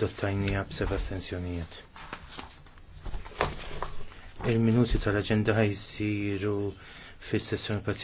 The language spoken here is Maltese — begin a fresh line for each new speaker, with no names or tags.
dottajnija b'seba stensjonijiet. Il-minuti tal-agenda ħajsiru fis-sessjoni